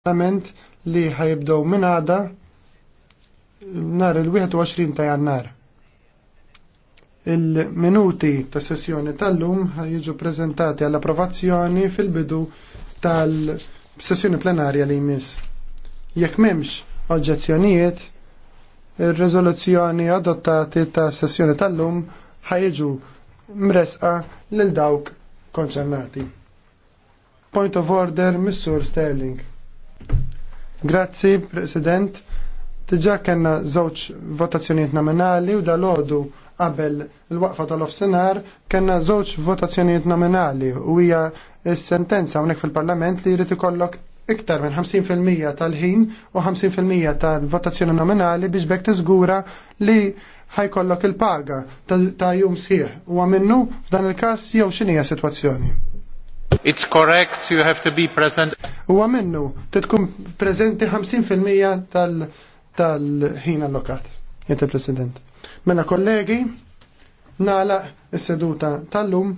parlament li ħajibdow minn għada nar il-21 ta' jannar. Il-minuti ta' sessjoni tal-lum ħajġu prezentati għall-approvazzjoni fil-bidu tal-sessjoni plenarja li jmiss. Jekk memx oġġezzjonijiet, il-rezoluzzjoni adottati ta' sessjoni tal-lum ħajġu mresqa lil dawk konċernati. Point of order, Missur Sterling. Grazzi, President. Tiġa kena zoċ votazzjoniet nominali u dal-ħodu qabel il-waqfa tal-offsenar kena zoċ votazzjoniet nominali u hija s-sentenza unek fil-parlament li jrid ikollok iktar minn 50% tal-ħin u 50% tal-votazzjoni nominali biex bek tiżgura li ħajkollok il-paga ta' jum sħiħ u għamennu f'dan il-kas jew xinija situazzjoni. It's correct, you have to be present għamennu, minnu tkun prezenti 50% tal tal-ħin allokat, jente President. Mela kollegi, nala is-seduta tal-lum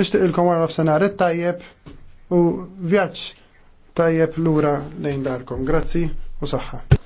nishtiqilkom għarra f'senar tajjeb u vjaġġ tajjeb lura lejn darkom. Grazzi u saħħa.